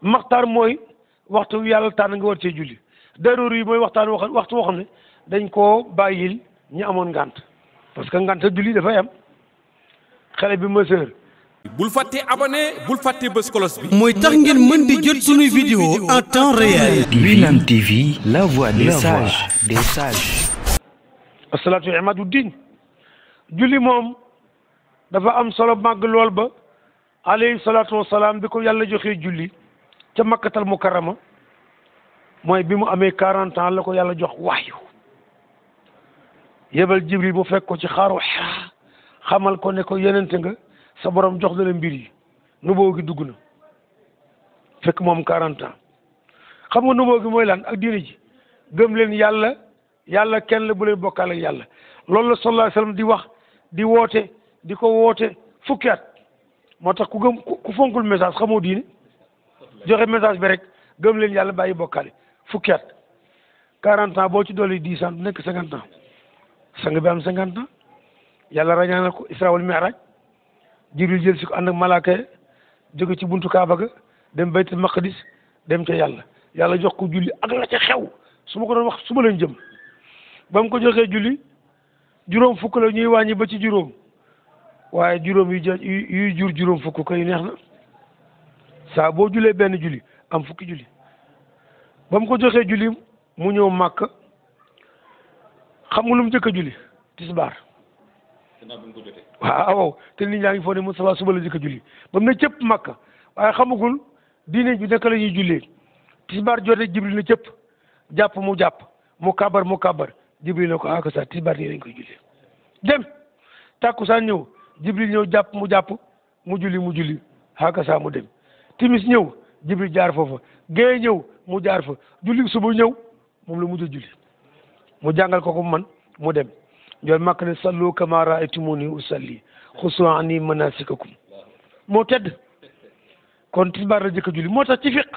maxtaar mooy waxtu yàlla tànn nga war cee julli daruur yi mooy waxtaan wax waxtu woo xam ne dañ koo bàyyil ñi amoon ngant parce que ngant julli dafay am xale bi ma sœur bul fàtte abonné bul fàtte bës kolos bi. mooy tax ngeen mën di jot suñuy vidéo en temps réel. Wilane la voix des sages des sages. asalaatu imadu din julli moom dafa am solo màgg lool ba alayhi salaatu wa salaam bi ko yàlla joxee julli. ca makkatal mukarrama mooy bi mu amee quarante ans la ko yàlla jox waxyu yebal jibril bu fekk ko ci xaaru Hiraa xamal ko ne ko yonente nga sa borom jox na la mbir yi nuboo gi dugg na fekk moom quarante ans xam nga nuboo gi mooy lan ak diine ji gëm leen yàlla yàlla kenn la bu leen bokkaale yàlla lool la sallallahu di wax di woote di ko woote fukki moo tax ku ku fonkul message xamoo diine joxe message bi rek gëm leen yàlla bàyyi bokkaale fukki at quarante ans boo ci dolli dix ans du nekk cinquante ans sang bi am cinquante ans yàlla rañaanal ko isra wal mi'raj jibril jël si ko ànd ak malaaka ya jóge ci buntu kaaba ga dem baytul maqdis dem ca yàlla yàlla jox ko julli ak la ca xew su ma ko doon wax suma ma leen jëm ba mu ko joxee julli juróom fukk la ñuy wàññi ba ci juróom waaye juróom yu jur juróom fukk koy neex na saa boo julee benn julli am fukki julli ba ko joxee julli mu ñëw màkk xam nga lu njëkk a julli tisbaar waaw te nit ñaa ngi foog ne Moustapha suba la njëkk a julli cëpp màkk waaye xamagul diine bi naka la ñuy jullee tisbaar jotee jibril na cëpp jàpp mu jàpp mu kàbbar mu kàbbar jibril na ko ah tisbaar nii lañ koy jullee dem tàkkusaan ñëw jibril ñëw jàpp mu jàpp mu julli mu julli haka ah, mu dem timis ñëw jibril jaar foofu géey ñëw mu jaar fa julli suba ñëw moom la mujj a julli mu jàngal ko ko man mu dem jool màkk ne sallu kama raaytumuni usalli xusu anni manasikakum moo tedd kon tisbaar la jëkk julli moo tax ci fiq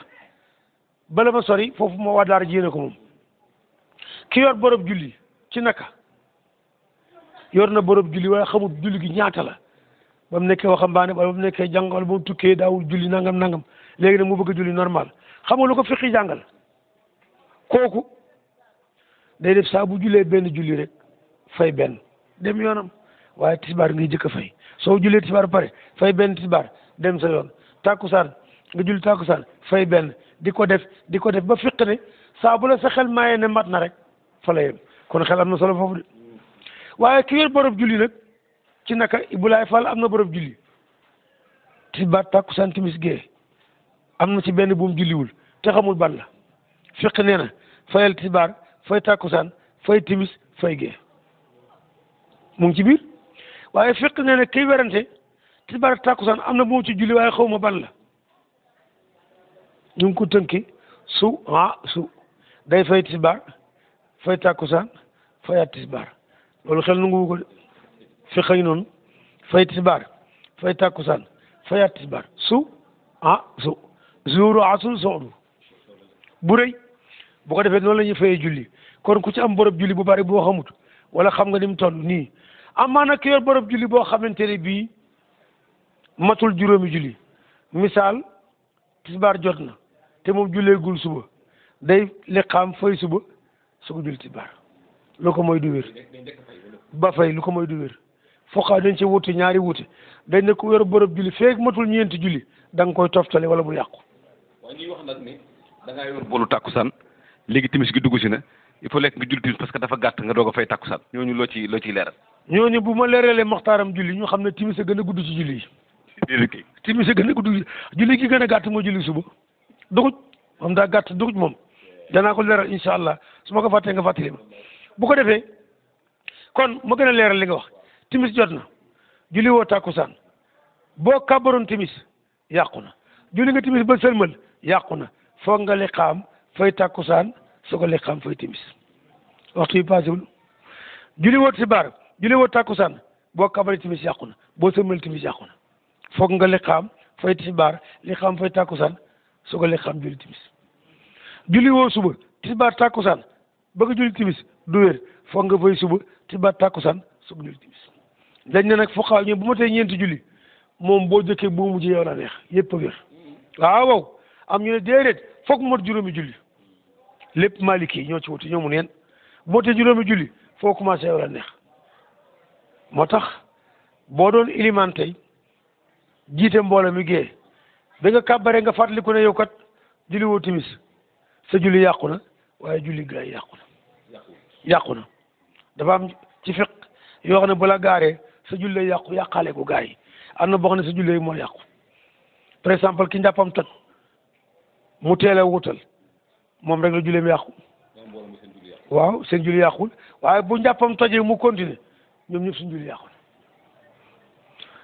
bala ma sori foofu moo waa daara jiyéene ko moom ki yor borob julli ci naka yor na borob julli waaye xamul julli gi ñaata la ba mu nekkee waxambaane wala ba mu nekkee jàng wala tukkee daawul julli nangam nangam léegi nag mu bëgg a julli normal xam nga lu ko fiqi jàngal kooku day saa bu jullee benn julli rek fay benn dem yoonam waaye tisbaar ngay jëkk a fay soo jullee tisbaar pare fay benn tisbaar dem sa yoon takkusaan nga julli takkusaan fay benn di ko def di ko def ba fiq ne saa la sa xel maayee ne mat na rek fa la yem kon xel am na solo foofu de waaye ki yor borom julli nag ci naka Ibulaay Fall am na bërëb julli tisbaar takkusaan timis gee am na ci benn buum julliwul te xamul ban la fiq nee na fayal tisbaar fay takkusaan fay timis fay gee mu ngi ci biir waaye fiq nee na kay werante tisbaar takkusaan am na buum ci julli waaye xawma ban la ñu ngi su ah su day fay tisbaar fay takkusaan fayaat tisbaar loolu xel nangu ko de fi xëy noonu fay tisbaar fay takkusaan fay at tisbaar su ah su zuuru asul soodu bu rëy bu ko defee noonu la ñuy fayee julli kon ku ci am borob julli bu bari boo xamut wala xam nga ni mu nii amaa na ki yor borob julli boo xamante ne bii matul juróomi julli misaal tisbaar jot na te moom julleegul suba day liqaam fay suba su ko julli tisbaar lu ko mooy du ba fay lu ko mooy du foqaa dañ ci wuti ñaari wuti dañ ne ku wéru bërëb julli feek matul ñeenti julli da nga koy toftale wala mu yàqu. waaye ñuy wax nag ni da yor boolu tàkkusaan léegi timis gi dugg si na il faut lekk nga julli timis parce que dafa gàtt nga doog a fay tàkkusaan ñooñu loo ciy loo ciy leeral. ñooñu bu ma leeralee moxtaaram julli ñu xam ne timis a gën a gudd ci julli yi. déedéet kii timis a gën a gudd julli gi gën a gàtt moo julli suba duguj moom daa gàtt duguj moom danaa ko leeral incha allah su ma ko fàttee nga fàttali ma bu ko defee kon ma gën a leeral li nga wax timis jot na julli woo tàkkusaan boo kàbbaroon timis yàqu na julli nga timis ba sëlmal yàqu na foog nga liqaam fay tàkkusaan su ko liqaam fay timis waxtu yi passé wul woo tisbaar julli woo tàkkusaan boo kàbbari timis yàqu na boo sëlmal timis yàqu na foog nga liqaam fay tisbaar liqaam fay tàkkusaan su ko liqaam julli timis julli woo suba tisbaar tàkkusaan bëgg julli timis du wér nga fay suba tisbaar tàkkusaan su ko julli timis dañ na nag fuqaa ñoom bu ma tee ñeenti julli moom boo jëkkee boo mujjee yow la neex yëpp a wér waaw waaw am ñu ne déedéet foog mot juróomi julli lépp maliki yi ñoo ci wuti ñoomu neen bu ma tee juróomi julli foo commencé yow la neex moo tax boo doon ilimaan tey jiite mbooloo mi gée ba nga kàbbare nga fàttaliku ne yow kat julli woo timis sa julli yàqu na waaye julli gaay yàqu na yàqu dafa am ci fiq yoo xam ne bu la sa jullee yàqu yàqaale ko gars yi am na boo xam sa jullee moo yàqu par exemple ki njàppam toj mu teel a wutal moom rek la julleem yàqu waaw seen julli yàqul waaye bu njàppam tojee mu continuer ñoom ñëpp suñu julli yàqul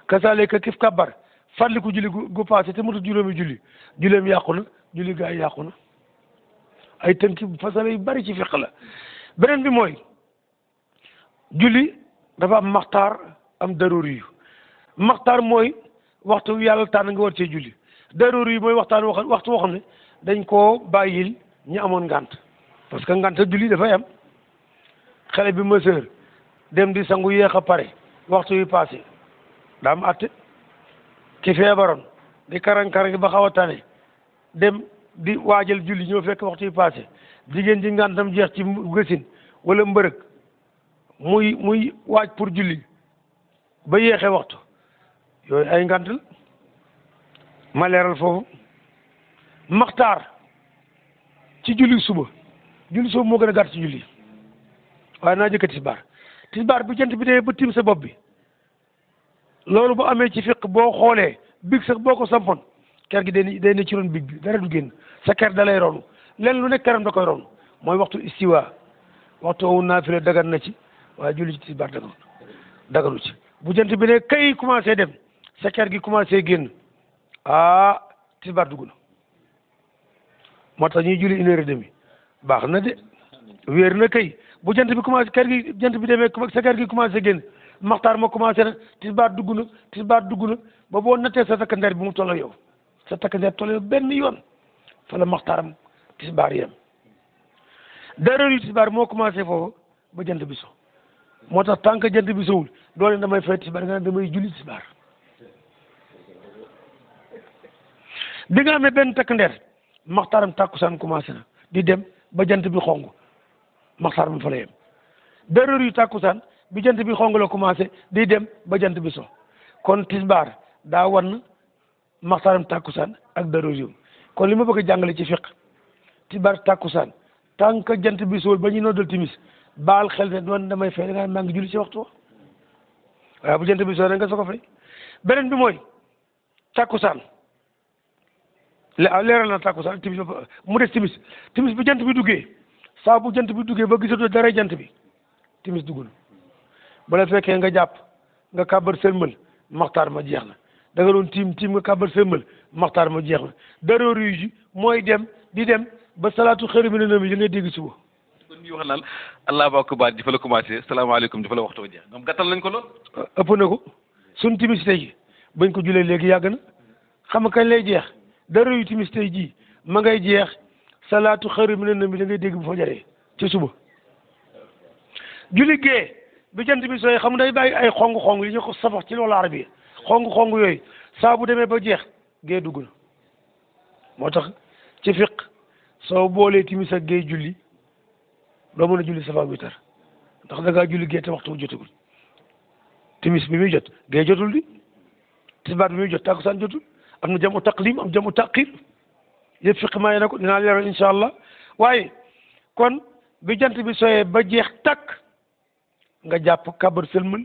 ka kif kabar fàttali ko julli gu passé te matu julli julleem yàqu na julli gaa yi yàqu na ay tënki fasale yu bari ci fiq la beneen bi mooy julli dafa am am daruri yu maxtaar mooy waxtu yàlla tànn nga war cee julli daruri yi mooy waxtaan wax waxtu woo xam ne dañ koo bàyyil ñi amoon ngant parce que ngant julli dafay am xale bi ma dem di sangu yéex a pare waxtu yu passé daa am atte ki feebaroon di karang-karang ba xaw a tane dem di waajal julli ñoo fekk waxtu yu passé jigéen ji ngantam jeex ci gësin walla mbërëg muy muy waaj pour julli ba yéexee waxtu yooyu ay ngant la ma leeral foofu maxtaar ci julli suba julli suba moo gën a gàtt ci julli waaye naa jëkk tisbaar tisbaar bu jant bi dee ba tiim sa bopp bi loolu bu amee ci fiq boo xoolee big sa boo ko sampoon ker gi day day ne ci ron big bi dara du génn sa ker da ronu leen lu nekk keram da koy ronu mooy waxtu istiwa waxtu woowu naafile dagan na ci waaye julli ci tisbaar daganut daganu ci bu jant bi ne kay commencé dem sekker gi commencé génn ah tisbaar dugg na moo tax ñuy julli une heure et demie na de wéer na kay bu jant bi commencé kër gi jant bi demee sekker gi commencé génn maxtaar ma commencé na tisbaar dugg na tisbaar ba boo nattee sa takk bi mu tolloo yow sa takk ndeer tolloo yow benn yoon fa la maxtaaram tisbaar yem dara lu tisbaar commencé foofu ba jant bi so moo tax tant que jant bi sowul doo damay fay tisbaar nga ne damay julli tisbaar bi nga amee benn takk ndeer maxtaaram tàkkusaan commencé na di dem ba jant bi xong maxtaar ma fa la dërër yu tàkkusaan bi jënt bi xong la commencé di dem ba jant bi so kon tisbaar daa wan maxtaaram tàkkusaan ak dërër yu kon li ma bëgg a jàngale ci fiq tisbaar tàkkusaan tant que jant bi sowul ba ñu noddal timis baal xel ma doon damay fay da ci waxtu waaye bu jant bi soo nga soo beneen bi mooy takkusaan ah, leeral na takkusaan timis mu des timis timis bu jant bi duggee saabu bu jant bi duggee ba gisatoo dara jant bi timis duggul bala fekkee nga jàpp nga kàbbar sëlmal maxtaar ma jeex na da nga doon tiim tiim nga kàbbar sëlmal maxtaar ma jeex na dara ruuj mooy dem di dem ba salaatu xëri mi ne na mi nga dégg suba mu wax naan allahu akbar ji fa la commencé salaamaaleykum ji fa la waxtu jeex donc gàttal nañ ko lool. ëpp na ko suñ timis tey bañ ko julee léegi yàgg na xam kañ lay jeex dara yu timis tey jii ma ngay jeex salaatu xëy mi ne bi da ngay dégg bu fa jaree ci suba. julli gee bi jant bi sooy xam day bàyyi ay xong-xong yi ñu ko safax ci loolu arab yi xong-xong yooyu saa bu demee ba jeex gee dugg na moo tax ci fiq soo boolee timis ak gee julli. doo mën a julli safa ak witar ndax da ngaa julli gee te waxtu jotagul timis bi muy jot gee jotul di tisbaar bi muy jot tàkkusaan jotul am na jamu taqlim am jamu taqir yëpp fiq maye na ko dinaa leeral incha allah waaye kon bi jant bi soyee ba jeex takk nga jàpp kabar sëlmal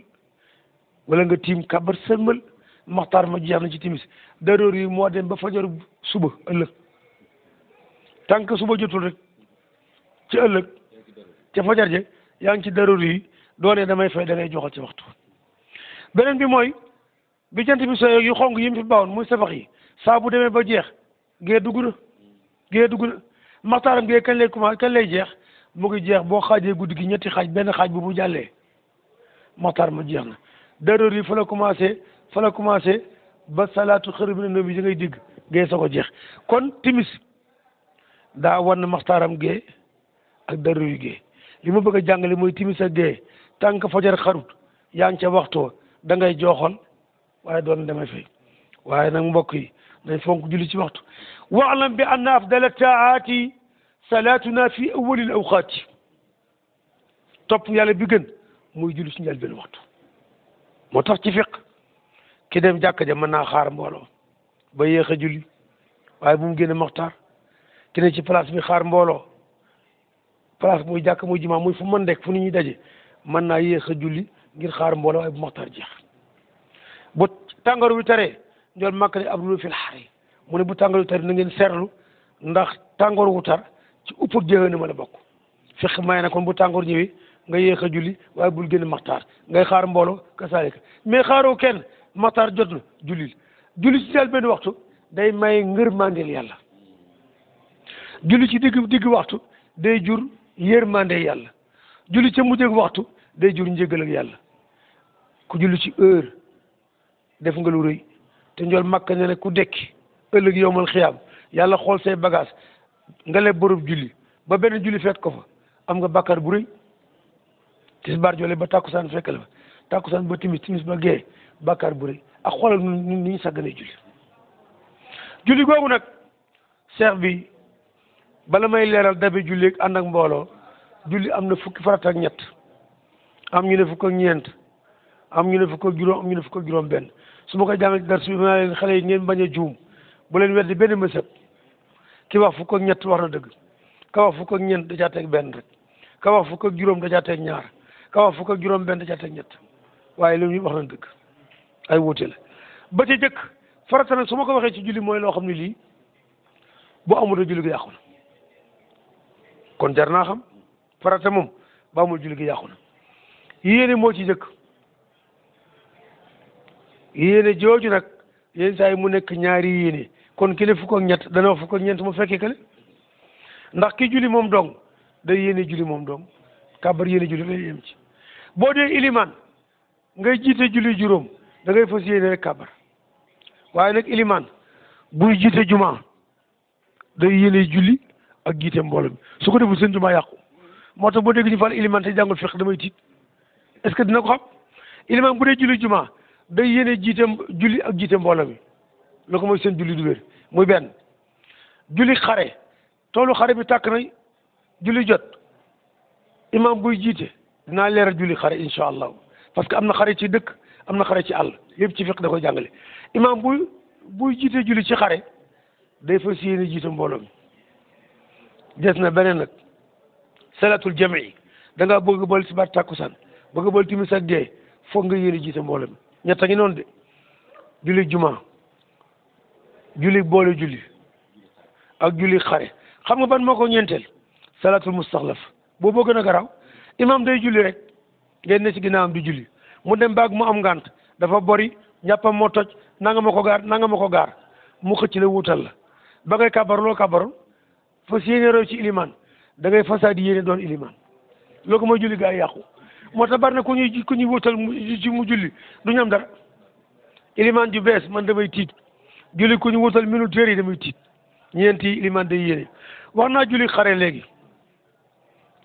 wala nga tiim kabar sëlmal maxtaar ma jeex na ci timis daroor yi moo dem ba fajar suba ëllëg tànk suba jotul rek ci ëllëg ca fajar je yaa ngi ci daruri yi doone damay fay da ngay joxal ci waxtu beneen bi mooy bi jant bi sooy yu xong yi mu fi bawoon muy sabax yi saa bu demee ba jeex gee dugg na gee dugg na maxtaaram gee kañ lay commencé kañ lay jeex mu ngi jeex boo xaajee guddi gi ñetti xaaj benn xaaj bu bu jàllee maxtaar ma jeex na daroor yi fa la commencé fa la commencé ba salaatu xërib na bi yi ngay dégg gee jeex kon timis daa war na maxtaram gee ak daroor yi li ma bëgg a jàngale mooy timis ak gee tànk fajar xarut yaa ngi ca waxtoo da ngay jooxoon waaye doon damay fay waaye nag mbokk yi day fonk julli ci waxtu waalam bi anna afdala taati salaatuna fi awalil awqaati topp yàlla bi gën mooy julli ci njëlbéen waxtu moo tax ci fiq ki dem jàkka ja mën naa xaar mbooloo ba yéex a julli waaye bu mu génne maxtaar ki ne ci place bi xaar mbooloo place muy jàkk muy juma muy fu mën nekk fu nit ñi daje mën naa yéex a julli ngir xaar mbooloo waaye bu maxtaar jeex bu tàngoor bi taree ñool màkk ne abdulu fil xari mu ne bu tàngoor bi taree na ngeen seetlu ndax tàngoor wu tar ci upp ak jéexee ma la bokk fiq may na kon bu tàngoor ñëwee nga yéex a julli waaye bul génn maxtaar ngay xaar mbooloo kasaalika mais xaaroo kenn maxtaar jot na jullil julli ci daal benn waxtu day may ngër mandil yàlla julli yërmande yàlla julli ca mu ak waxtu day jur njëgal ak yàlla ku julli ci heure def nga lu te njool makka ne ne ku dekki ëllëg yowmal xiyaam yàlla xool say bagage nga leb borub julli ba beneen julli fet ko fa am nga bàkkaar bu rëy tisbaar jole ba tàkkusaan fekk la fa tàkkusaan ba timis timis ba gee bàkkaar bu rëy a xoolal nu ni ñu sàgganee julli julli googu nag seex bi bala may leeral dabe julli ak mbooloo julli am na fukki farata ak ñett am ñu ne fukk ak ñeent am ñu ne fukk ak am ñu ne fukk ak juróom benn su ma ko jàngal ci dars bi ma leen xale yi ngeen bañ a juum bu leen weddi benn mësëb ki wax fukk ak ñett wax dëgg ka wax fukk ak ñeent benn rek ka wax fukk ak juróom da ñaar ka wax fukk ak juróom benn ñett waaye li ñu wax na dëgg ay wuute la ba ci jëkk farata su ma ko waxee ci julli mooy loo xam ne lii boo amul a julli gi kon jar naa xam farata moom ba amul julli gi yàqu na moo ci njëkk yéene jooju nag yéen yi mu nekk ñaari yéene kon kile fukk ak ñett dana wax fukk ak ñeent mu fekkee ndax ki julli moom dong day yéene julli moom dong kàbbar yéene julli lay ci boo dee ilimaan ngay jiite julli juróom da ngay fas yéene rek kàbbar waaye nag ilimaan buy jiite jumaa day yéene julli ak jiite mbooloo mi su ko deful seen jumaa yàqu moo tax boo dégg ñu fa iliman te jàngul fiq damay tiit est-ce que dina ko xam iliman bu dee julli jumaa day yéene jiite julli ak jiite mbooloo mi la ko mooy seen julli du wér muy benn julli xare toolu xare bi tàkk na julli jot imam buy jiite dinaa leeral julli xare incha allah parce que am na xare ci dëkk am na xare ci àll yëpp ci fiq da koy jàngale imam buy buy jiite julli ci xare day fas yéene jiite mi des na beneen nag salatul jam'i danga ngaa bëgg bool si ba takkusaan bëgg bool timis ak dee foog nga yéene jiite mboolem ñett a ngi noonu de julli juma julli boole julli ak julli xare xam nga ban moo ko ñeenteel salatul mustaxlaf boobu gën a garaaw imam day julli rek ngeen ne ci ginnaawam di julli mu dem baag mu am ngant dafa bori ñàppam moo toj nanga ma ko gaar nanga ma ko gaar mu xëcc la wuutal la ba ngay kabar loo fas yéene ci iliman dangay ngay fasaad yéene doon iliman loo ko mooy julli gaa yàqu moo tax bari na ku ñuy ku ñuy wóotal ci mu julli du ñu am dara iliman ju bees man damay tiit julli ku ñu wóotal militaire yi damay tiit ñeenti iliman day yéene wax naa julli xare léegi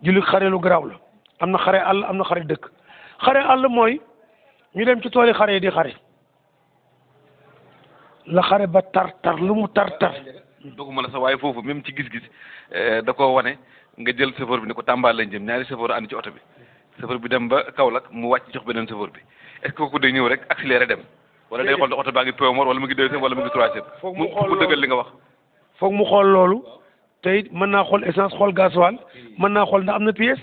julli xare lu garaaw la am na xare àll am na xare dëkk xare àll mooy ñu dem ci tooli xare yi di xare la xare ba tar tar lu mu tar tar doguma la sax waaye foofu même ci gis-gis eh, da koo wane nga jël chauffeur bi ne ko Tamba lañ jëm ñaari chauffeur ànd ci oto bi chauffeur bi dem ba Kaolack mu wàcc jox beneen chauffeur bi est-ce que kooku day ñëw rek accéléré dem wala day xool da oto baa ngi premier wala mu ngi deuxième wala mu ngi troisième mu dëggal li nga wax foog mu xool loolu te it mën naa xool essence xool gasoil man hmm. naa xool ndax am na pièce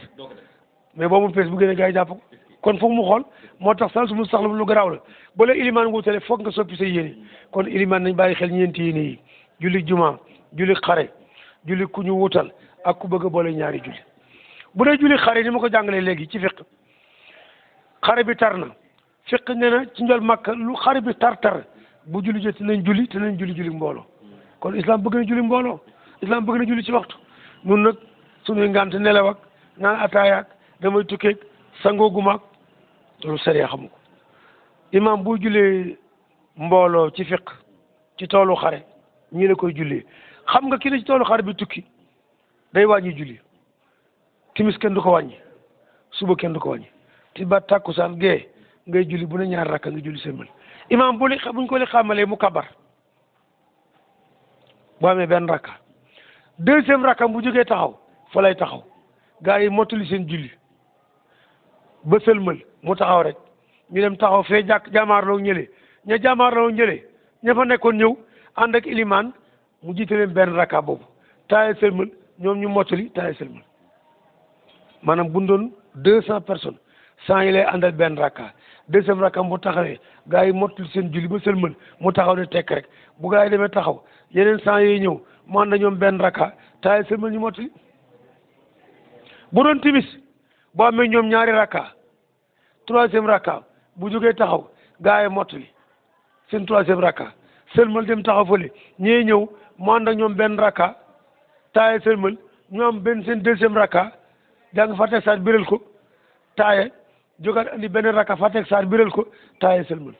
mais boobu pièce bu gën a gars yi jàpp ko kon foog mu xool moo tax sax su mu saxla lu garaaw ba la ilimaan nga soppi sa yéene kon ilimaan nañ bàyyi xel ñeenti yéene julli jumaam julli xare julli ku ñu wutal ak ku bëgg a boole ñaari julli bu dee julli xare ni ma ko jàngalee léegi ci fiq xare bi tar na fiq ne ci njol màkk lu xare bi tar tar bu julli jot nañ julli te nañ julli julli mbooloo kon islam bëgg na julli mbooloo islam bëgg na julli ci waxtu nun nag suñuy ngant nelaw ak naan ataayaak damay tukkeeg sangoogumaak lu sariya xamu ko imam bu jullee mbooloo ci fiq ci toolu xare ñu la koy jullee xam nga ki ne ci toolu xar bi tukki day wàññi julli timis kenn du ko wàññi suba kenn du ko wàññi tiba tàkkusaan gee ngay julli bu ne ñaar rakka nga julli sëlmal imaam bu li buñ ko li mu kabar mu amee benn rakka deuxième rakka bu jógee taxaw fa lay taxaw gaa yi mottali seen julli ba sëlmal mu taxaw rek ñu dem taxaw fee jàkk jaamaarloo ñële ña jaamaarloo ñële ña fa nekkoon ñëw ànd ak ilimaan mu jiite leen benn rakka boobu taaya sëlmal ñoom ñu mottali taaya sëlmal maanaam bu doon deux cent personnes cent yi lay àndal benn rakka deuxième rakka mu taxawee gaa yi mottali seen julli ba sëlmal mu taxaw ne tekk rek bu gaa yi demee taxaw yeneen cent yooyu ñëw mu ànd ak ñoom benn rakka taaya sëlmal ñu mottali bu doon timis boo amee ñoom ñaari rakka troisième rakka bu jógee taxaw gaa yi mottali seen troisième rakka sëlmal dem taxaw fële ñee ñëw mu ànd ak ñoom benn rakka taaye sëlmal ñu am benn seen deuxième rakka jàng fàtteeg saar biral ko taaye jógaat andi benn rakka fàtteeg saar biral ko taaye sëlmal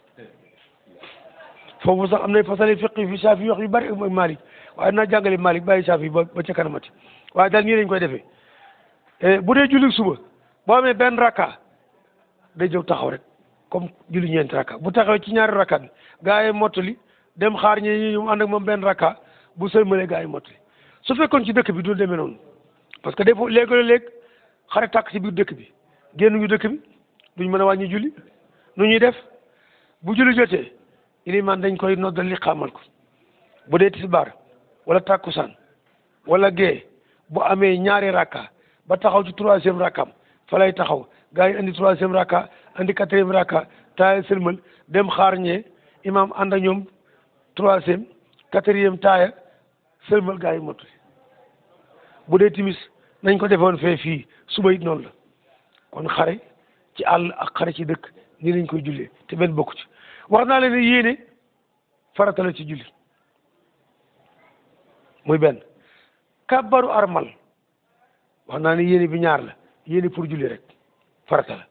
foofu sax am na fasale fiq fi Saafi wax yu bari ak Malick waaye na jàngale Malick bàyyi Saafi ba ba ca kanamati waaye daal nii lañ koy defee eh, bu dee julli suba boo amee benn rakka day jóg taxaw rek comme julli ñeenti rakka bu taxawee ci ñaari rakka bi gaa yi dem xaar ñi ñu ak moom benn rakka bu sëlmalee gaa yi mottali su fekkoon ci dëkk bi du demee noonu parce que des fois lekk léeg xare takk ci biir dëkk bi génn ñu dëkk bi duñ mën a wàññi julli nu ñuy def bu julli jotee ilimaan dañ koy noddal li xaamal ko bu dee tisbaar wala tàkkusaan wala gee amee ñaari rakka ba taxaw ci troisième rakkaam fa taxaw gaa yi indi troisième rakka indi quatrième rakka taayal dem xaar ñee ànd ak ñoom troisième quatrième taaya sëlmal gaa yi mottali bu dee timis nañ ko defoon fee fii suba it noonu la kon xare ci àll ak xare ci dëkk nii lañ koy jullee te benn bokku ci wax naa leen ne yéene farata ci julli muy benn kàbbaru armal wax naa ne yéene bi ñaar la yéene pour julli rek farata la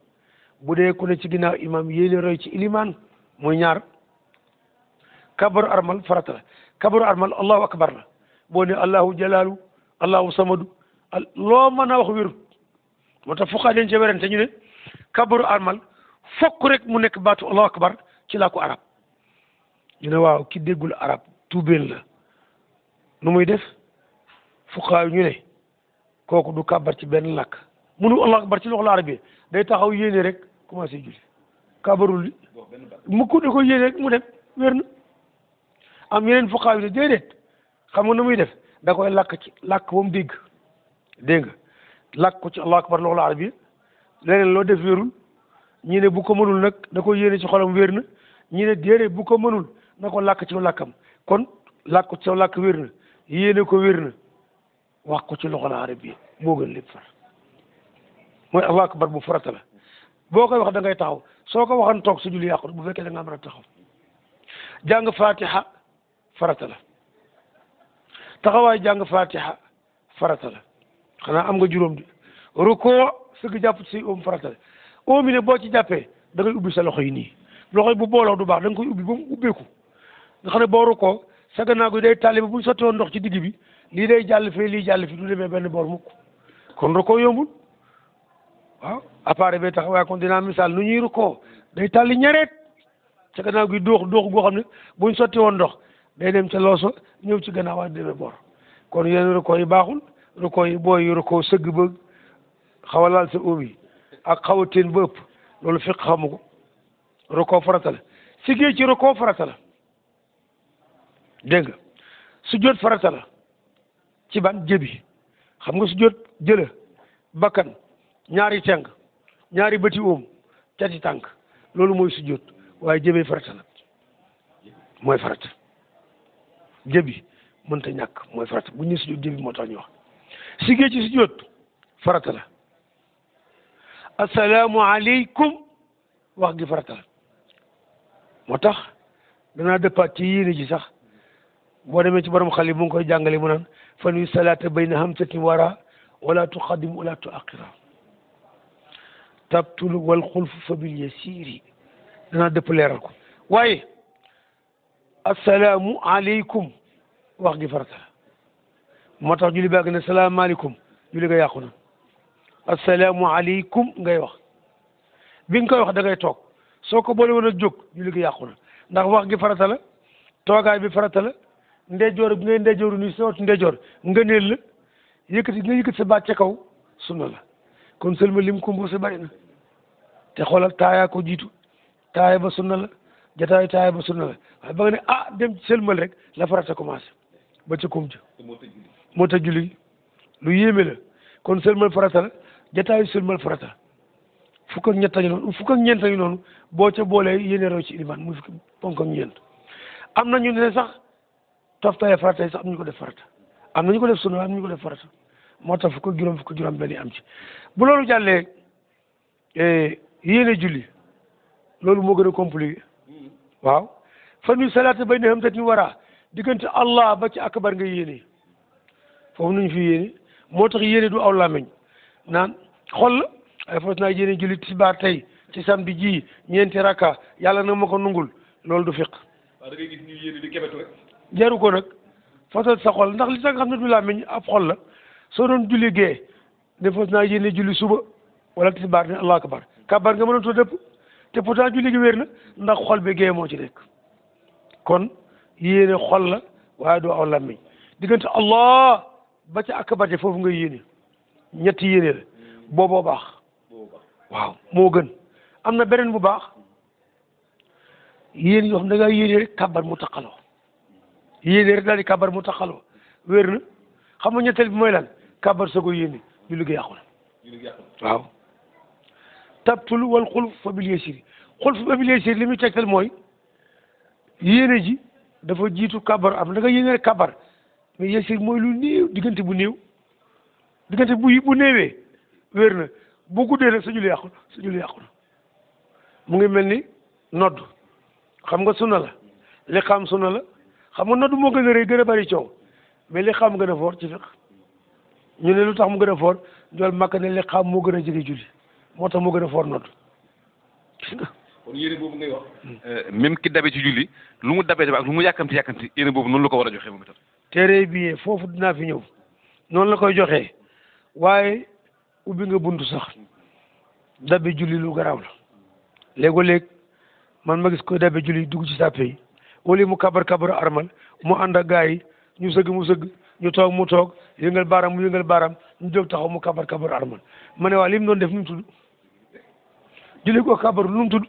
bu dee ku ne ci ginnaaw imam yéene roy ci ilimaan muy ñaar kabaru armal farata la kabaru armal allahu akbar na boo ne allahu jalaalu allahu samadu loo mën a wax wérut moo tax fuqaa dañ ci werante rek mu nekk baatu allahu akbar ci làkku arab ñu ne waaw ki déggul arab tuubeen la nu muy def fuqaa ñu kooku du kabar ci benn lakk munu allahu akbar ci loxol arab yi day taxaw yéene rek commencé julli kabarul li mu ko ko yéene rek mu dem wér am yeneen fuqaa yi ne déedéet xam nga nu muy def da koy lakk ci làkk ba mu dégg dégg nga làkk ko ci allahu akbar loolu arabi leneen loo def wérul ñi ne bu ko mënul nag da koy yéene ci xolam wér na ñi ne déedéet bu ko mënul na ko làkk ci làkkam kon lakk ko ci làkk wér na ko wér na wax ko ci loxol arabi moo gën lépp far mooy allahu akbar bu farata la boo koy wax da ngay taxaw soo ko waxan toog su julli bu fekkee da nga mën a taxaw jàng fatiha farata la taxawaay jàng fatiha farata la xanaa am nga juróom di rukoo sëgg jàpp ci say oom farata la ne boo ci jàppee da ubbi sa loxo yi nii loxo bu booloo du baax da koy ubbi ba mu ubbeeku nga boo rukoo sa gannaaw gi day tàlli bu ñu sottee ndox ci digg bi lii day jàll fii lii jàll fi du demee benn boor mukk kon rukoo yombul waaw appareil bi tax waaye kon dinaa misaal nu ñuy rukoo day tàlli ñareet sa gannaaw gi doox doox goo xam ne bu ñu sotti woon ndox day dem ca looso ñëw ci gannaawaat demee bor kon yenn ruko yi baaxul ruko yi booy yu ruko sëgg ba xaw a laal sa óom yi ak xaw a teen ba ëpp loolu fiq xamu ko ruko farata la siggee ci ruko farata la dégg nga ci ban jëbi xam nga su jot jëla bakkan ñaari teng ñaari bëti óom cati tànk loolu mooy su jot waaye jëbee farata mooy farata jëbi mënta ñàkk mooy farata bu ñu sujjóot jëbi moo tax ñu wax siggee ci sujjóot farata la asalaamu aleykum wax gi farata la moo tax danaa dëppaat ci yéene ji sax boo demee ci borom xale mu ngi koy jàngale mu fan yu salaata bayna hamsati wara wala tuqadim wala tuaqira tabtul wal xulf fa bil yasiri danaa dëpp leeral waaye assalaamu aleykum wax gi farata la moo tax julli baa gën a salaamaaleykum julli nga yàqu na assalaamu aleykum ngay wax bi nga koy wax dangay toog soo ko boole woon jóg julli gi yàqu na ndax wax gi faratala toogaay bi faratala ndejoor ndeyjoor bi ngay ndeyjooru nii soo ndejoor nga neel la yëkkati nga yëkkati sa baat ca kaw sunna la kon seulement lim kumbu sa bari na te xoolal taayaa ko jiitu taaya ba sunna la jotaayu taay ba sunna la waaye ba nga ne ah dem sëlmal rek la farata commencé ba ca kum moo tax julli lu yéeme la kon sëlmal farata la jotaayu sëlmal farata fukk ak ñett ñu noonu fukk ak ñeent boo ca boolee yéene raw ci ilimaan muy fukk ponk ñeent am na ñu ne sax toftale farata yi sax am ñu ko def farata am na ñu ko def sunna am na ñu ko def farata moo tax fukk juróom fukk juróom benn am ci bu loolu jàllee eh, yéene julli loolu moo gën a compliqué waaw fanu salaata bay na xam te wara diggante allah ba ci akbar nga yéene foofu nañu fi yéene moo tax yéene du aw làmmiñ naan xol la ay fas naa yéene julli tisbaar tey ci samedi ji ñeenti rakka yàlla na ma ko nungul loolu du fiq waaw ko nag fasal sa xol ndax li tax nga xam ne du làmmiñ ab xol la soo doon julli gee ne fas naa yéene julli suba wala tisbaar ne allahu akbar kabar nga mënoon too dëpp te pourtant julli gi wér na ndax xol bi géey moo ci nekk kon yéene xol la waaye doo aw lammiñ diggante allah ba ca akabate foofu nga yéene ñetti yéene la booboo baax waaw moo gën am na beneen bu baax yéen yoo xam da ngaa rek kàbbar mu taqaloo yéene rek daal di mu taqaloo wér na xam nga ñetteel bi mooy lan kàbbar sa ko yéene julli gi waaw tabtul wal xulf fa bil yasiri xulf fa bil yasiri li muy tegtal mooy yéene ji dafa jiitu kabar am da nga yéene kabar mais yasir mooy lu néew diggante bu néew diggante bu bu néewee wér na bu guddee rek sa julli yàqu sa julli yàqu mu ngi mel ni nodd xam nga sunna la li xam sunna la xam nga nodd moo gën a rëy gën a bari coow mais li xam gën a foor ci fiq ñu ne lu tax mu gën a foor jool màkk ne li moo gën a jege julli moo tax moo gën a foor nodd gis nga hmm. euh, ki dabe ci julli lu mu dabe dabe ak lu mu yàkkamti yàkkamti yéene boobu noonu la ko war a joxe moom itam téere bi foofu dinaa fi ñëw noonu la koy joxe waaye ubbi nga bunt sax dabe julli lu garaaw la léegoo-léeg man ma gis koy dabe julli dugg ci sàppe yi wala mu kabar kabar armal mu ànd ak gaa yi ñu sëgg mu sëgg ñu toog mu toog yëngal baaraam mu yëngal baaraam ñu jóg taxaw mu kabar kabar armal ma waa li mu doon julli ko kabar lu mu tudd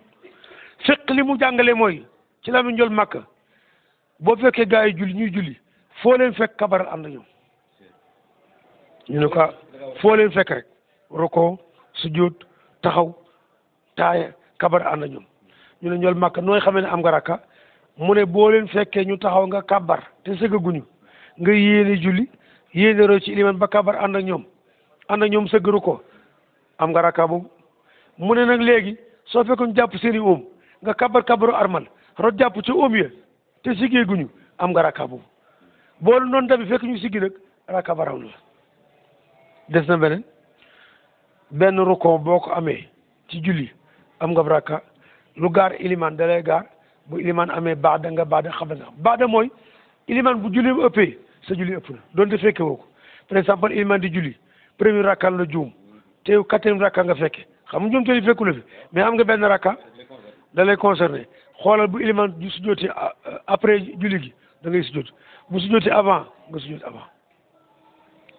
fiq li mu jàngale mooy ci la ñu njol boo fekkee gars yi julli ñuy julli foo leen fekk kabaral ànd ñoom ñu ne ko foo leen fekk rek roko sujjóot taxaw taaya kabar ànd ñoom ñu ne njol màkk nooy xamee ne am nga rakka mu ne boo leen fekkee ñu taxaw nga kabar te sëggaguñu nga yéene julli yéene roo ci iliman ba kabar ànd ak ñoom ànd ñoom sëggaru ko am nga rakka boobu mu ne nag léegi soo fekkoon jàpp seeni óom nga kabar kabaru armal rot jàpp ci óom ya te siggee guñu am nga rakka boobu boo noonu tamit fekk ñu siggi nag rakka ba raw na la des na beneen benn rukoo boo ko amee ci julli am nga rakka lu gaar iliman da lay gaar bu iliman amee baada nga baada xabla nga baada mooy iliman bu julli bu ëppee sa julli ëpp na donte fekke woo ko par exemple iliman di julli premier rakka la juum te quatrième rakka nga fekke xam nga njuumte li fekku mais am nga benn rakka da lay concerné xoolal bu iliman du sujjooti après julli gi da ngay sujjooti bu sujjooti avant nga sujjooti avant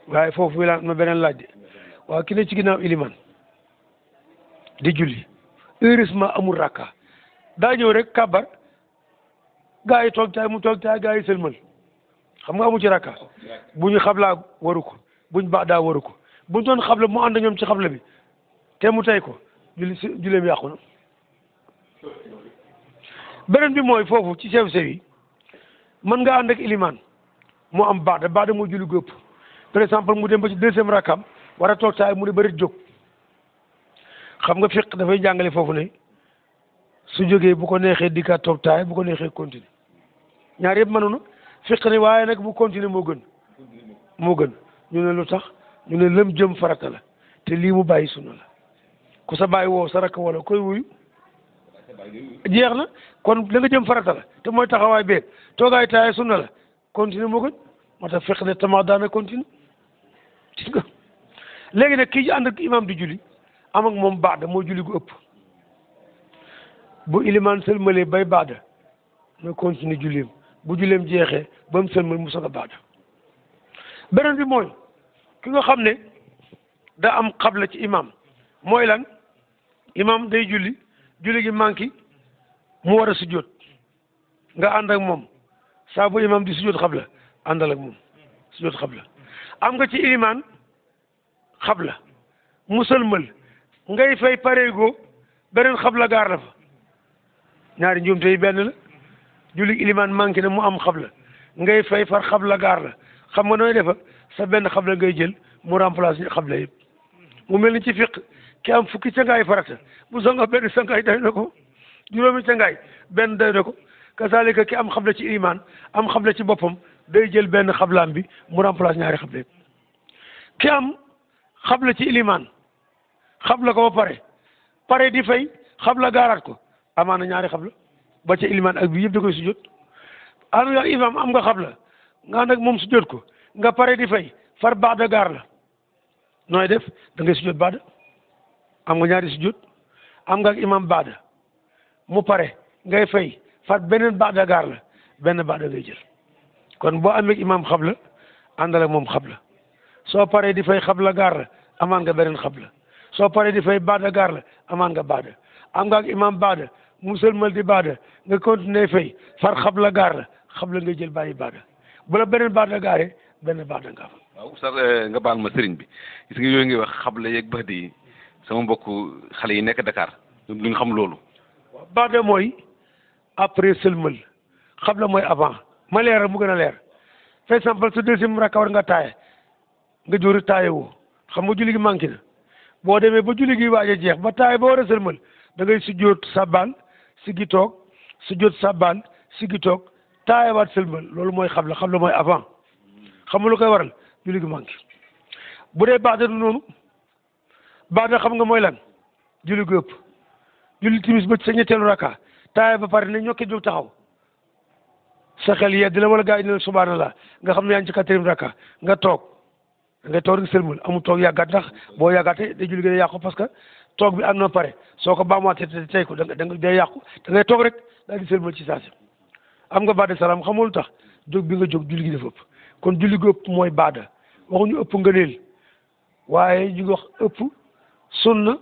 waaye foofu wi laan ma beneen laaj de waaw ki ne ci ginnaaw iliman di julli heureusement amul rakka daa ñëw rek kàbbar gaa yi toog taay mu toog taay gaa yi sëlmal xam nga amu ci rakka bu ñu xablaa waru ko bu ñu baax daa waru ko bu ñu doon xabla mu ànd ñoom ci xabla bi te mu tey ko julli si julleem yàqu na beneen bi mooy foofu ci sew sew yi mën nga ànd ak ilimaan mu am baada baada moo julli góob par exemple mu dem ba ci deuxième rakam war a toog saa mu ne bëri jóg xam nga fiq dafay jàngale foofu ne su jógee bu ko neexee dikkaat toog taay bu ko neexee continuer ñaar yëpp mënu na fiq ne waaye nag bu continuer moo gën moo gën ñu ne lu tax ñu ne lëm jëm farata la te lii mu bàyyi sunna la ku sa baay woow sa rakk wala koy wuyu jeex na kon la nga jëm farata la te mooy taxawaay beeg toogaay taay sunna la continue moo gën moo tax feq de tama daana continue léegi nag kii ànd ak di julli am moom baada moo julli gu ëpp bu ilimaan sëlmalee bay baada na continue julleem bu julleem jeexee ba mu sëlmal mu soog a baada beneen bi mooy ki nga xam ne da am xabla ci imaam mooy lan imam day julli julli gi manqué mu war a sujjóot nga ànd ak moom saa bu imam di sujjóot xabla àndal ak moom sujjóot xabla am nga ci ilimaan xabla mu sëlmal ngay fay pareegoo beneen xabla gaar la fa ñaari njuumte yi benn la julli ilimaan manqué na mu am xabla ngay fay far xabla gaar la xam nga nooy defa sa benn xabla ngay jël mu remplace xabla yëpp mu mel ni ci fiq كام فوكي سانغاي فرات موزانغا بن سانغاي دايناكو جورومي سانغاي بن دايناكو كذلك كي ام خبلة سي ايمان ام خبلة سي بوبوم داي جيل بن خبلام بي مو رامبلاس نياري خبلة كي ام خبلة سي ايمان خبلة كو باري باري دي فاي خبلة غارات كو امانا نياري خبلة با سي ايمان اك بي ييب داكاي سجود انا يا ايمان ام غا خبلة غا نك موم سجود كو غا باري دي فاي فار بعد غار لا نوي ديف داكاي سجود بعد am nga ñaari sujud am nga imam baada mu pare ngay fay fat beneen baada gaar la benn baada ngay jël kon boo amee imam xabla àndal ak moom xabla soo paree di fay xabla gaar la amaan nga beneen xabla soo paree di fay baada gaar la amaan nga baada am nga ak imam baada musulmal di baada nga continuer fay far xabla gaar la xabla ngay jël bàyyi baada bu la beneen baada gaaree benn baada nga am. waaw oustaz eh, nga baal ma sëriñ bi gis nga yooyu ngay wax xabla yeeg baada yi sama mbokk xale yi nekk Dakar ñoom duñ xam loolu. waaw baax na mooy après sëlmal xam la mooy avant ma leeral mu gën a leer par exemple su deuxième rakka war nga taaye nga jóori taaye woo xam nga julli gi manqué na boo demee ba julli gi waaj jeex ba taaye ba war a sëlmal da sa sujjóot si gi toog su sujjóot sàbbaal siggi toog taaye waat sëlmal loolu mooy xam la xam mooy avant xam nga lu koy waral julli gi manqué bu dee baax na du noonu. baax xam nga mooy lan julli gu ëpp julli timis ba sa ñetteelu raka taaya ba pare ne ñokki jóg taxaw sa xel yedd la wala gaa yi ne subhanallah nga xam ne yaa ngi ci quatrième nga toog nga toog rek sëlmul amu toog yàggaat ndax boo yàggaatee day julli gi parce que toog bi am na pare soo ko baamuwaatee te tey ko da nga da nga yàqu da toog rek daal di sëlmul ci saasi am nga baada salaam xam lu tax jóg bi nga jóg julli gi dafa kon julli gi mooy baada waxuñu ëpp ngëneel waaye ñu ëpp sunna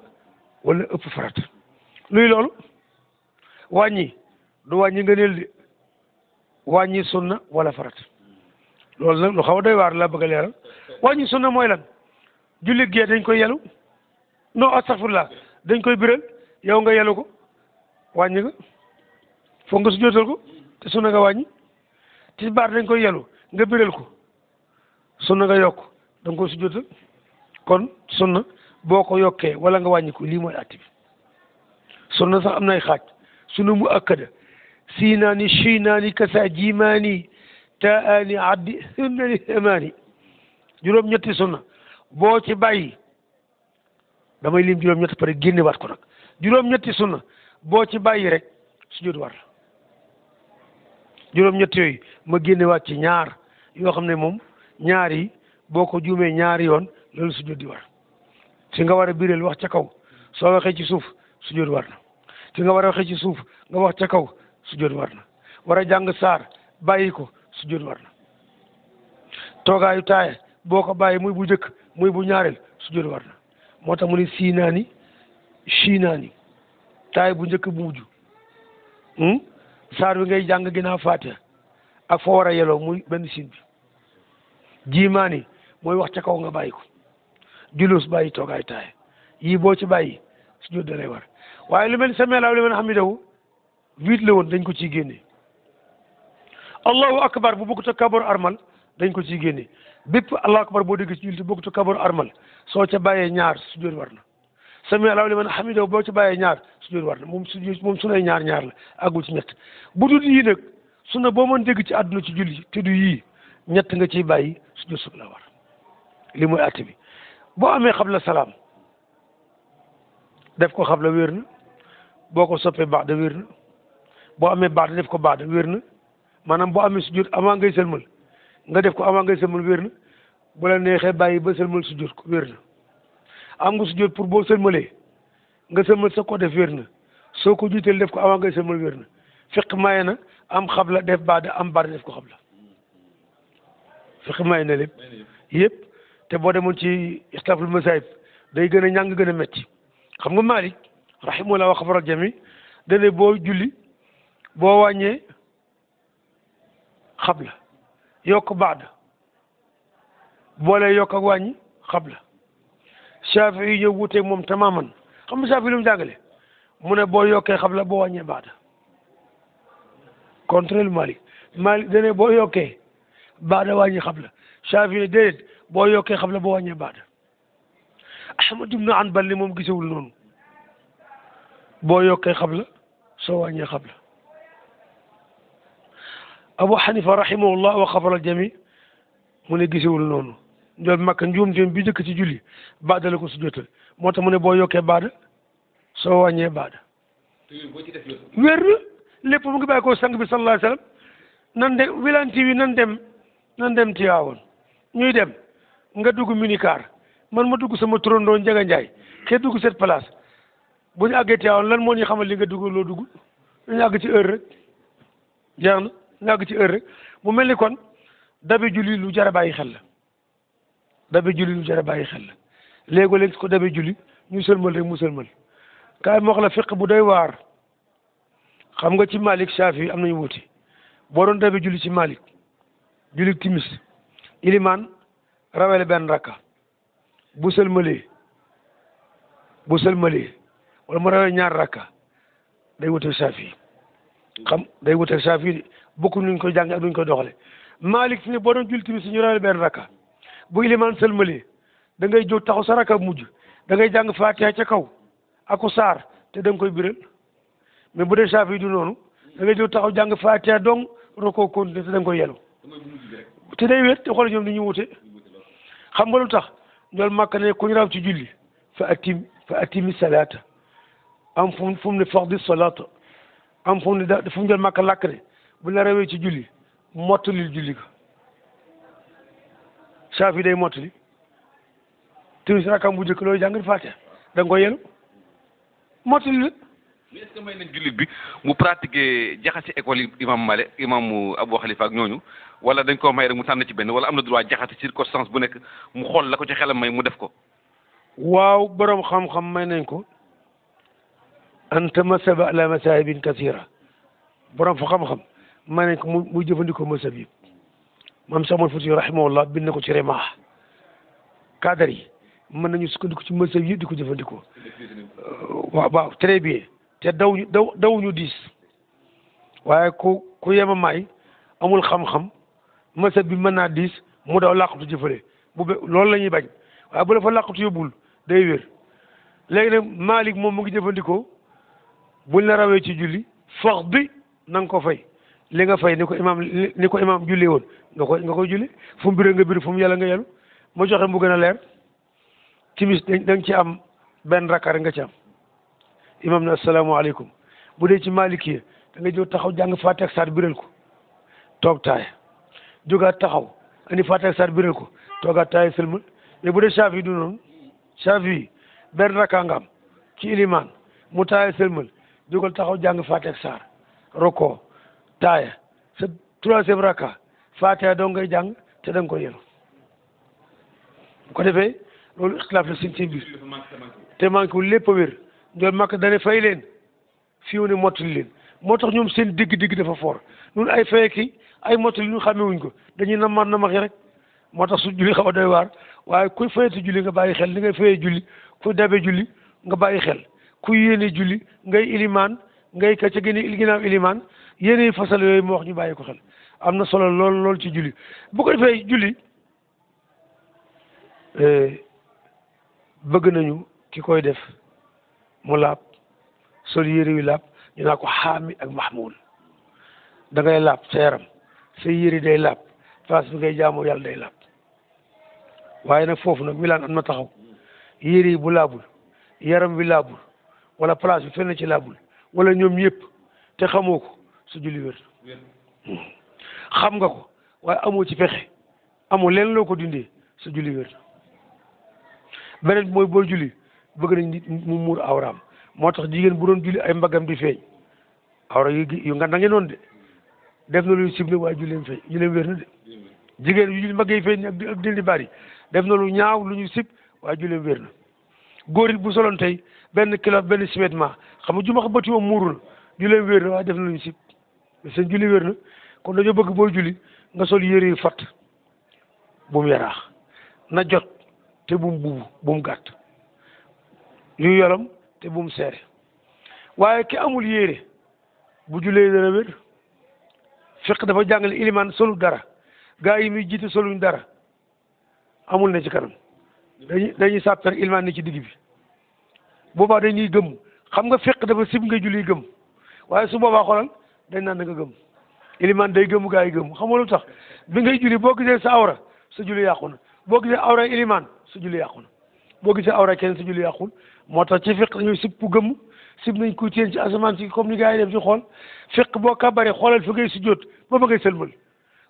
wala ëpp farata luy loolu wàññi du wàññi ngëneel de wàññi sunna wala farata loolu nag lu xaw a doy waar laa bëgg a leeral wàññi sunna mooy lan jullit gee dañ koy yelu non astafurlah dañ koy biral yow nga yelu ko wàññi nga foog nga sujjóotal ko te sunna nga wàññi tisbaar dañ koy yelu nga biral ko sunna nga yokk da nga koy sujjóotal kon sunna boo ko yokkee wala nga wàññiku lii mooy àtt bi sunna sax am nay xaaj sunu mu akkada siinaani chiinaani kasa jimaani taani addi sunnani amaani juróom ñetti sunna boo ci bàyyi damay lim juróom ñetti pare ko nag juróom ñetti sunna boo ci bàyyi rek sujjóot war juróom ñetti yooyu ma génne waat ci ñaar yoo xam ne moom ñaari boo ko juumee ñaari yoon loolu sujjóot di war fi nga war a biiral wax ca kaw soo waxee ci suuf su jot war na nga war a waxee ci suuf nga wax ca kaw su jot war war a jàng saar bàyyi ko su jot war na toogaayu taaye boo ko bàyyi muy bu njëkk muy bu ñaareel su jot war moo tax mu ne ni sii naa ni bu njëkk bu mujj hmm? saar bi ngay jàng ginnaaw faatiha ak foo war a yeloo muy benn siin bi jiimaani mooy wax ca kaw nga bàyyi ko julus bàyyi toogaay taay yii boo ci bàyyi su jot dalay waaye lu mel ni sami Allaahu liman hamidahu huit le woon dañ ko ciy génne allahu akbar bu bokkut ak kabar armal dañ ko ciy génne bépp allahu akbar boo dégg ci jullit bokkut ak kabar armal soo ca bàyyee ñaar su jot war na sami Allaahu liman hamidahu boo ci bàyyee ñaar su jot war na moom su moom sunay ñaar ñaar la àggul ci ñett bu dul yii nag su boo mën dégg ci àdduna ci julli te du yii ñett nga ciy bàyyi su jot sug la war li mooy boo amee xabla salaam def ko xabla wér na boo ko soppee baax da wér na boo amee baax da def ko baax da wér na maanaam boo amee sujjóot avant ngay sëlmal nga def ko avant ngay sëlmal wér na bu la neexee bàyyi ba sëlmal sujjóot ko wér na am nga sujjóot pour boo sëlmalee nga sëlmal sa ko def wér na soo ko jiiteel def ko avant ngay sëlmal wér na fiq maye na am xabla def baax da am baax da def ko xabla fiq maye na lépp yépp te boo demoon ci islaful masaib day gën a ñàng gën a métti xam nga Malik rahimahullah wa xafaral jami dane boo julli boo wàññee xabla yokk baada boolee yokk ak wàññi xabla saafi yi ñëw wuuteeg moom tamaman xam nga lu mu jàngale mu ne boo yokkee xabla boo wàññee baada contraire Malik Malik dane boo yokkee baada wàññi xabla Shaafi ne déedéet boo yokkee xam la boo wàññee baada Ahmad ibnu Hanbal li moom wul noonu boo yokkee xam la soo wàññee xam la Abu Hanifa rahimahullah wa xafara jami mu ne gisewul noonu njool makka njuum teen bi njëkk ci juli baada la ko su moo ta mu ne boo yokkee baada soo wàññee baada wér na lépp mu ngi bàyyi ko sang bi sallallahu alayhi nan dem wilanti wi nan dem nan ñuy dem nga dugg minicar man ma dugg sama turandoo Ndiaga Ndiaye ke dugg cette place bu ñu àggee teewoon lan moo ñu xamal li nga dugg loo dugg ñu àgg ci heure rek jeex ñu àgg ci heure rek mu mel ni kon dabe julli lu jar a bàyyi xel la dabe julli lu jar xel la léegoo léegi ko dabe julli ñu sëlmal rek mu sëlmal kaay ma wax la fiq bu doy waar xam nga ci Malik Shafi am nañu wuti boo doon dabe julli ci Malik julli timis ilimaan rawele benn rakka bu sëlmalee bu sëlmalee wala mu rawee ñaar rakka day wutal saafi xam day wutal saafi bokku nuñ koy jàng ak nuñ koy doxale Malik fi ne boo doon julli timis si ñu rawele sa rakka mujj dangay ngay jàng fatiha ca kaw aku saar te da koy biral mais bu dee saafi du noonu da ngay jóg taxaw jàng fatiha dong roko continuer te da yelu te day wéet te xool ñoom ni ñu wute xam nga lu tax ñool màkk ne ku ñu raw ci julli fa atim fa atimi salaata am fu fu mu ne fardi salaata am fu mu ne da màkk làkk ne bu la rawee ci julli mottalil julli ko saafi day mottali timis rakam bu njëkk loolu jàng di fàtte da nga koy yelu mottali mais est ce que may nañ jullit bi mu pratiquer jaxase école yi imam Malik imam Abou Khalifa ak ñooñu wala dañ koo may rek mu tànn ci benn wala am na droit jaxase circonstance bu nekk mu xool la ko ci xelam may mu def ko. waaw borom xam-xam may nañ ko. anta masaba ala masahibin kasira borom fa xam-xam may nañ ko mu muy jëfandikoo masab yi maam Samoon Fouti rahimahullah bind na ko ci Rimah cadre yi mën nañu sukkandiku ci masab yi di ko jëfandikoo. waaw waaw très bien. te daw ñu daw daw ñu diis waaye ku ku yema may amul xam-xam masa bi mën naa diis mu daw làqatu jëfale bu be loolu lañuy ñuy bañ waaye bu la fa làqatu yóbbul day wér léegi nag Malick moom mu ngi jëfandikoo buñ la rawee ci julli fox bi na ko fay li nga fay ni ko imaam ni ko imaam julli woon nga koy nga koy julli fu mu biree nga bir fu mu nga yàlla ma joxe mu gën a leer timis da nga ci am benn rakkaar nga ci am imam ne asalaamaaleykum bu dee ci malikiya da nga jóg taxaw jàng Faatiha ak saar biral ko toog taaya jógaat taxaw andi Faatiha ak saar biral ko toogaat taaya sëlmal mais bu dee Shaafi du noonu benn rakka nga ci ilimaan mu taaya sëlmal jógal taxaw jàng Faatiha ak saar roko taaya sa troisième rakka Faatiha doo ngay jàng te da ko yenu ko defee loolu ixtilaaf la seen biir te manqué wu lépp a njool màkk dane fay leen fiiw ne mottali leen moo tax ñoom seen digg-digg dafa foor ñun ay fay ki ay mottali ñun xamewuñ ko dañuy namaat namaxi rek moo tax su julli xaw a doy waar waaye kuy fayati julli nga bàyyi xel li ngay fayee julli kuy dabe julli nga bàyyi xel kuy yéene julli ngay ilimaan ngay ka ca gën ginaaw ilimaan yéene fasal yooyu moo wax ñu bàyyi ko xel am na solo lool lool ci julli bu ko defee julli eh, bëgg nañu ki koy def mu laab sol yére yu laab ñu ko xaami ak mahmuul da ngay laab sa yaram sa yére day laab place bi ngay jaamoo yàlla day laab waaye nag foofu nag milaan am na taxaw yére yi bu laabul yaram bi laabul wala place bi fenn ci laabul wala ñoom yëpp te xamoo ko su julli wér xam nga ko waaye amoo ci pexe amoo leen loo ko dindee su julli wér beneen mooy boo julli bëgg nañ mu muur awraam moo tax jigéen bu doon julli ay mbaggam di feeñ awra yu yu noonu de def na lu sib ne waaye julleem feeñ julleem wér na de jigéen yu bari def na ñaaw lu ñu sib waaye julleem wér góor it bu soloon tey benn kilo benn ma xam nga jumax bëti moom muurul julleem wér na waaye def na lu ñu sib seen julli wér na kon dañoo bëgg booy julli nga sol yére yu fatt bu mu yaraax na jot te bu mu buubu bu mu gàtt yuy yoram te bu mu seere waaye ki amul yéere bu julee dana wér fiq dafa jàngale ilimaan solu dara gaa yi muy jiite soluñ dara amul ne ci kanam dañuy dañuy sàppar ilimaan ni ci digg bi boobaa dañuy gëm xam nga fiq dafa sib nga julli gëmm waaye su boobaa xoolal dañ naan da nga gëm ilimaan day gëm gaa yi gëm xam nga lu bi ngay julli boo gisee sa awra sa julli yàqu na boo gisee awra ilimaan sa julli yàqu na boo gisee awra kenn sa julli yàqul moo tax ci fiq dañuy sipp gëmm sib nañ kuy teen ci asamaan si comme ni gaa yi def ci xool fiq boo kàbbaree xoolal fi ngay sujjóot boo ba ngay sëlmal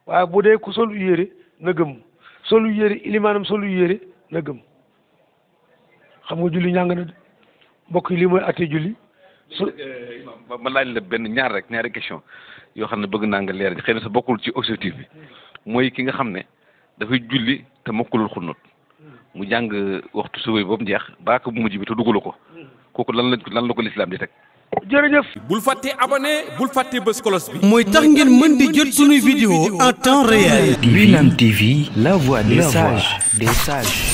waaye boo dee ku solu yére na gëmm solu yére ilimaanam solu yére na gëmm xam nga julli ñàng na de mbokk yi lii mooy atte julli su euh, ma laaj la benn ñaar rek ñaari question yoo xam ne bëgg naa nga leer xëy na sa bokkul ci objectif bi hmm. mooy ki nga xam ne dafay julli te mokkulul xunut mu jàng waxtu suba ba mu jeex baaka bu mujj bi te dugalu ko kooku lan la lan la ko lislaam di teg. jërëjëf. bul fàtte abonné bul fàtte bës kolos bi. mooy tax ngeen mën di jot suñuy vidéo en temps réel. Wilane TV la voix des sages des sages.